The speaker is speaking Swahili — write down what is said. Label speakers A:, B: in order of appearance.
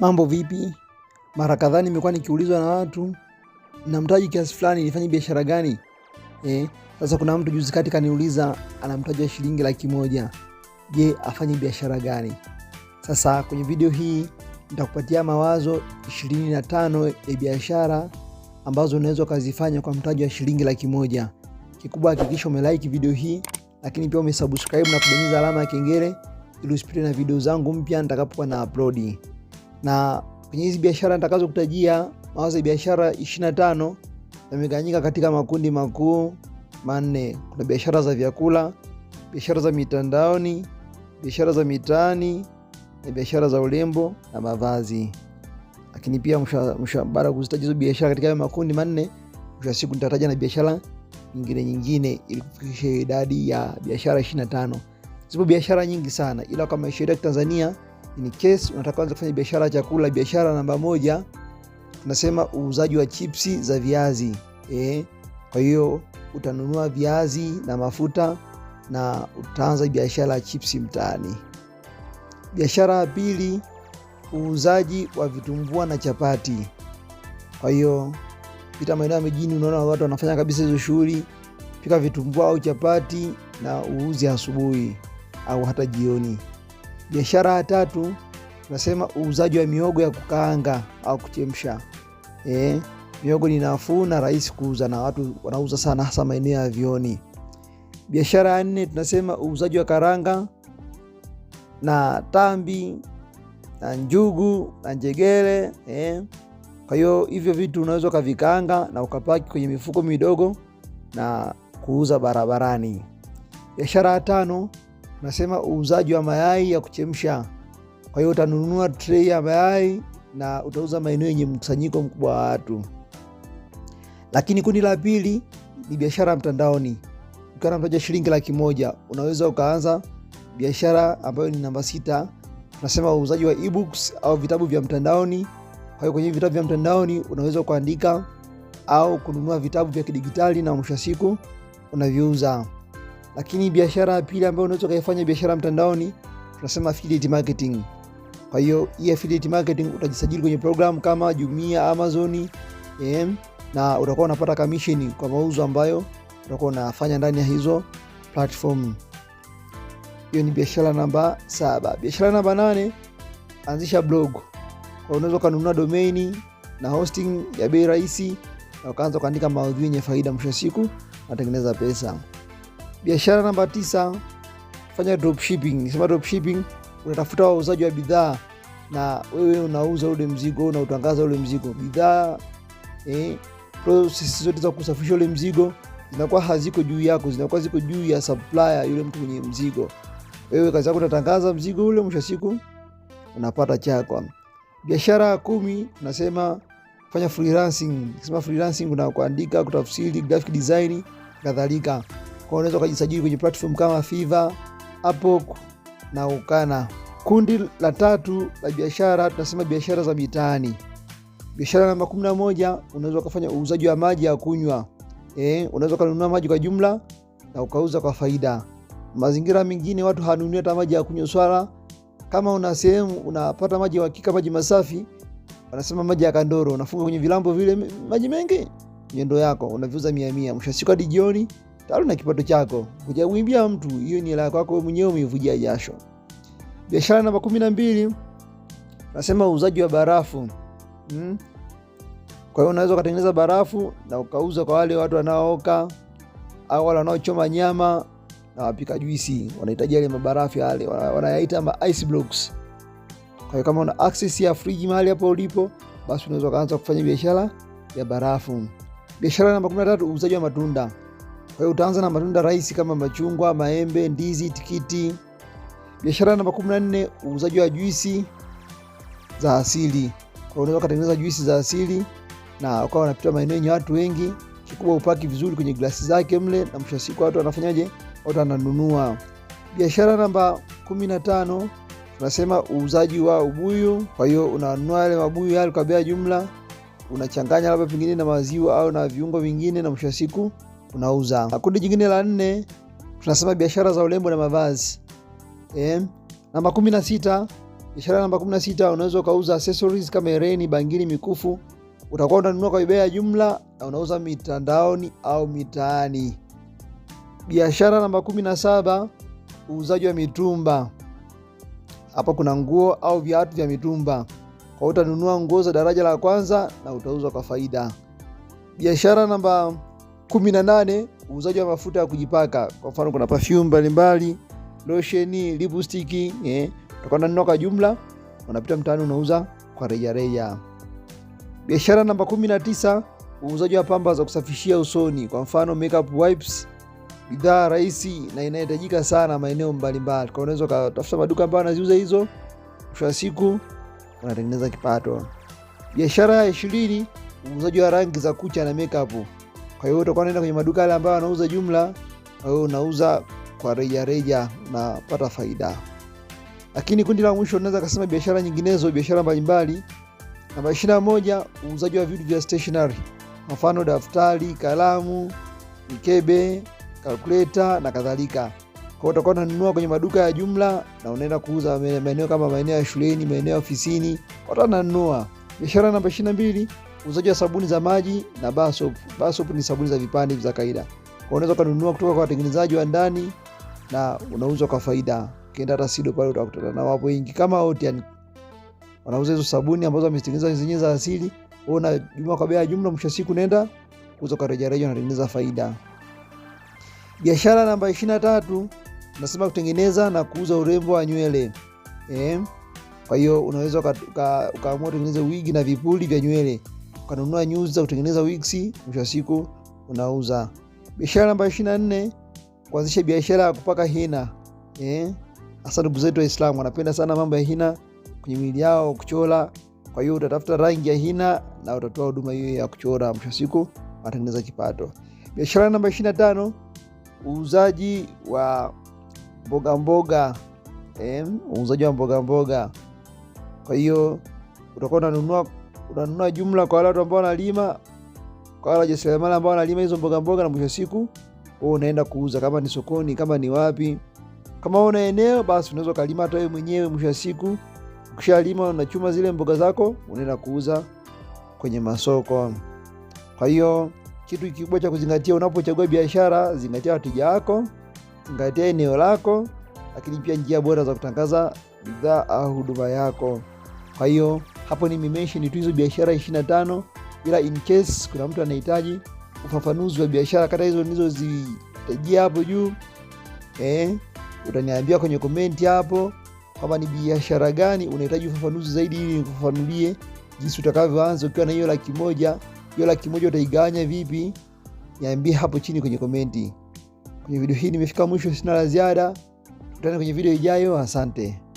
A: Mambo vipi? Mara kadhaa nimekuwa nikiulizwa na watu, na mtaji kiasi fulani nifanye biashara gani? Eh, sasa kuna mtu juzi kati kaniuliza ana mtaji wa shilingi laki moja. Je, afanye biashara gani? Sasa kwenye video hii nitakupatia mawazo 25 ya biashara ambazo unaweza ukazifanya kwa mtaji wa shilingi laki moja. Kikubwa hakikisha umelike video hii, lakini pia umesubscribe na kubonyeza alama ya kengele ili usipitwe na video zangu mpya nitakapokuwa na upload na kwenye hizi biashara nitakazo kutajia mawazo ya biashara 25 yamegawanyika katika makundi makuu manne. Kuna biashara za vyakula, biashara za mitandaoni, biashara za mitaani na biashara za urembo na mavazi. Lakini pia baada ya kuzitaja hizo biashara katika hayo makundi manne, mwisho wa siku nitataja na biashara nyingine nyingine ili kufikisha idadi ya biashara 25. Zipo biashara nyingi sana, ila kama sheria ya Tanzania in case unataka anza kufanya biashara ya chakula, biashara namba moja tunasema uuzaji wa chipsi za viazi eh. Kwa hiyo utanunua viazi na mafuta na utaanza biashara ya chipsi mtaani. Biashara ya pili, uuzaji wa vitumbua na chapati. Kwa hiyo pita maeneo ya mijini, unaona watu wanafanya kabisa hizo shughuli. Pika vitumbua au chapati na uuze asubuhi au hata jioni. Biashara ya tatu tunasema uuzaji wa miogo ya kukaanga au kuchemsha. Eh, miogo ni nafuu na rahisi kuuza na watu wanauza sana hasa maeneo ya vioni. Biashara ya nne tunasema uuzaji wa karanga na tambi na njugu na njegele eh. Kwa hiyo hivyo vitu unaweza ukavikaanga na ukapaki kwenye mifuko midogo na kuuza barabarani. Biashara ya tano nasema uuzaji wa mayai ya kuchemsha. Kwa hiyo utanunua trei ya mayai na utauza maeneo yenye mkusanyiko mkubwa wa watu. Lakini kundi la pili ni biashara mtandaoni. Ukiwa na mtaji shilingi laki moja unaweza ukaanza biashara ambayo ni namba sita, tunasema uuzaji wa ebooks au vitabu vya mtandaoni. Kwa hiyo kwenye vitabu vya mtandaoni unaweza ukaandika au kununua vitabu vya kidigitali na mwisho wa siku unaviuza. Lakini biashara ya pili ambayo unaweza ukaifanya biashara mtandaoni tunasema affiliate marketing. Kwa hiyo hii affiliate marketing utajisajili kwenye program kama Jumia, Amazon, eh, na utakuwa unapata commission kwa mauzo ambayo utakuwa unafanya ndani ya hizo platform. Hiyo ni biashara namba saba. Biashara namba nane, anzisha blog. Kwa unaweza kununua domain na hosting ya bei rahisi na ukaanza kuandika maudhui yenye faida, mwisho siku natengeneza pesa. Biashara namba tisa, fanya dropshipping. Nisema dropshipping, unatafuta wauzaji wa bidhaa na wewe unauza ule mzigo, unautangaza ule mzigo, bidhaa eh, process zote za kusafisha ule mzigo zinakuwa haziko juu yako, zinakuwa ziko juu ya supplier, yule mtu mwenye mzigo. Wewe kazi yako unatangaza mzigo ule, mwisho siku unapata chako. Biashara ya kumi nasema fanya freelancing. Nikisema freelancing, unakuandika, kutafsiri, graphic design kadhalika. Kwa unaweza ukajisajili kwenye platform kama Fiverr, Upwork na Ukana. Kundi la tatu la biashara tunasema biashara za mitaani. Biashara namba moja unaweza ukafanya uuzaji wa maji ya kunywa. Eh, unaweza kununua maji kwa jumla na ukauza kwa faida. Mazingira mengine watu hanunui hata maji ya kunywa swala. Kama una sehemu unapata maji ya hakika, maji masafi, wanasema maji ya kandoro, unafunga kwenye vilambo vile maji mengi, nyendo yako unaviuza mia mia, mwisho siku hadi jioni tayari na kipato chako, kujawimbia mtu hiyo ni hela yako mwenyewe umevujia jasho. Biashara namba kumi na mbili nasema uuzaji wa barafu hmm? Kwa hiyo unaweza ukatengeneza barafu na ukauza kwa wale watu wanaooka au wale wanaochoma nyama na wapika juisi, wanahitaji yale mabarafu yale, wanayaita ma ice blocks. Kwa hiyo kama una access ya friji mahali hapo ulipo, basi unaweza ukaanza kufanya biashara ya barafu. Biashara namba kumi na tatu uuzaji wa matunda. Kwa hiyo utaanza na matunda rahisi kama machungwa, maembe, ndizi, tikiti. Biashara namba 14, uuzaji wa juisi za asili. Kwa hiyo unaweza kutengeneza juisi za asili na ukawa unapita maeneo yenye watu wengi, kikubwa upaki vizuri kwenye glasi zake mle, na mwisho siku watu wanafanyaje? Watu wananunua. Biashara namba 15 tunasema uuzaji wa ubuyu. Kwa hiyo unanunua yale mabuyu yale kwa bei jumla, unachanganya labda pengine na maziwa au na viungo vingine, na mwisho siku unauza. Kundi jingine la nne tunasema biashara za urembo na mavazi e. Namba kumi na sita, biashara namba kumi na sita unaweza ukauza accessories kama hereni, bangili, mikufu. Utakuwa unanunua kwa bei ya jumla na unauza mitandaoni au mitaani. Biashara namba kumi na saba uuzaji wa mitumba. Hapa kuna nguo au viatu vya mitumba, kwa utanunua nguo za daraja la kwanza na utauza kwa faida. Biashara namba kumi na nane Uuzaji wa mafuta ya kujipaka, kwa mfano kuna perfume mbalimbali, losheni lipstick eh, tokana neno kwa jumla, unapita mtaani unauza kwa rejareja. Biashara namba kumi na tisa uuzaji wa pamba za kusafishia usoni, kwa mfano makeup wipes, bidhaa rahisi na inahitajika sana maeneo mbalimbali. Kwa unaweza ukatafuta maduka ambayo anaziuza hizo, mwisho wa siku unatengeneza kipato. Biashara ya ishirini uuzaji wa rangi za kucha na makeup kwa hiyo utakuwa unaenda kwenye maduka yale ambayo anauza jumla, kwa hiyo unauza kwa reja reja na pata faida. Lakini kundi la mwisho unaweza kusema biashara nyinginezo, biashara mbalimbali. Namba ishirini na moja, uuzaji wa vitu vya stationery, mfano daftari, kalamu, mikebe, kalkuleta na kadhalika. Kwa hiyo utakuwa unanunua kwenye maduka ya jumla na unaenda kuuza maeneo kama maeneo ya shuleni, maeneo ya ofisini, watu wananunua. Biashara namba ishirini na mbili Uuzaji wa sabuni za maji na bar soap. Bar soap ni sabuni za vipande za kawaida. Kwa unaweza kununua kutoka kwa watengenezaji wa ndani na unauzwa kwa faida. Ukienda hata SIDO pale utakutana na wapo wengi kama Otian. Wanauza hizo sabuni ambazo wametengeneza zenyewe za asili. Wewe unajumua kwa bei ya jumla, mwisho siku unaenda kuuza kwa rejareja unatengeneza faida. Biashara namba 23 nasema kutengeneza na kuuza urembo wa nywele. Eh? Kwa hiyo unaweza ukaamua utengeneze wigi na vipuli vya nywele ukanunua nyuzi za kutengeneza wiksi, mwisho wa siku unauza. Biashara namba ishirini na nne kuanzisha biashara ya kupaka hina. Eh, hasa ndugu zetu Waislamu wanapenda sana mambo ya hina kwenye miili yao kuchora. Kwa hiyo utatafuta rangi ya hina na utatoa huduma hiyo ya kuchora, mwisho wa siku unatengeneza kipato. Biashara namba ishirini na tano uuzaji wa mboga mboga. Eh, uuzaji wa mboga mboga. Kwa hiyo utakuwa unanunua unanunua jumla kwa wale watu ambao wanalima, kwa wale wajasiriamali ambao wanalima hizo mboga mboga, na mwisho siku wewe unaenda kuuza, kama ni sokoni, kama ni wapi. Kama una eneo basi unaweza kulima hata wewe mwenyewe. Mwisho wa siku ukishalima, unachuma zile mboga zako, unaenda kuuza kwenye masoko. Kwa hiyo kitu kikubwa cha kuzingatia unapochagua biashara, zingatia wateja wako, zingatia eneo lako, lakini pia njia bora za kutangaza bidhaa au huduma yako. Kwa hiyo hapo ni nimemention tu hizo biashara 25 ila in case kuna mtu anahitaji ufafanuzi wa biashara kata hizo nilizozitajia hapo juu eh, utaniambia kwenye komenti hapo kama ni biashara gani unahitaji ufafanuzi zaidi, ili nikufafanulie jinsi utakavyoanza ukiwa na hiyo laki moja. Hiyo laki moja utaiganya vipi? Niambie hapo chini kwenye komenti. Kwenye video hii nimefika mwisho, sina la ziada. Tutane kwenye video ijayo. Asante.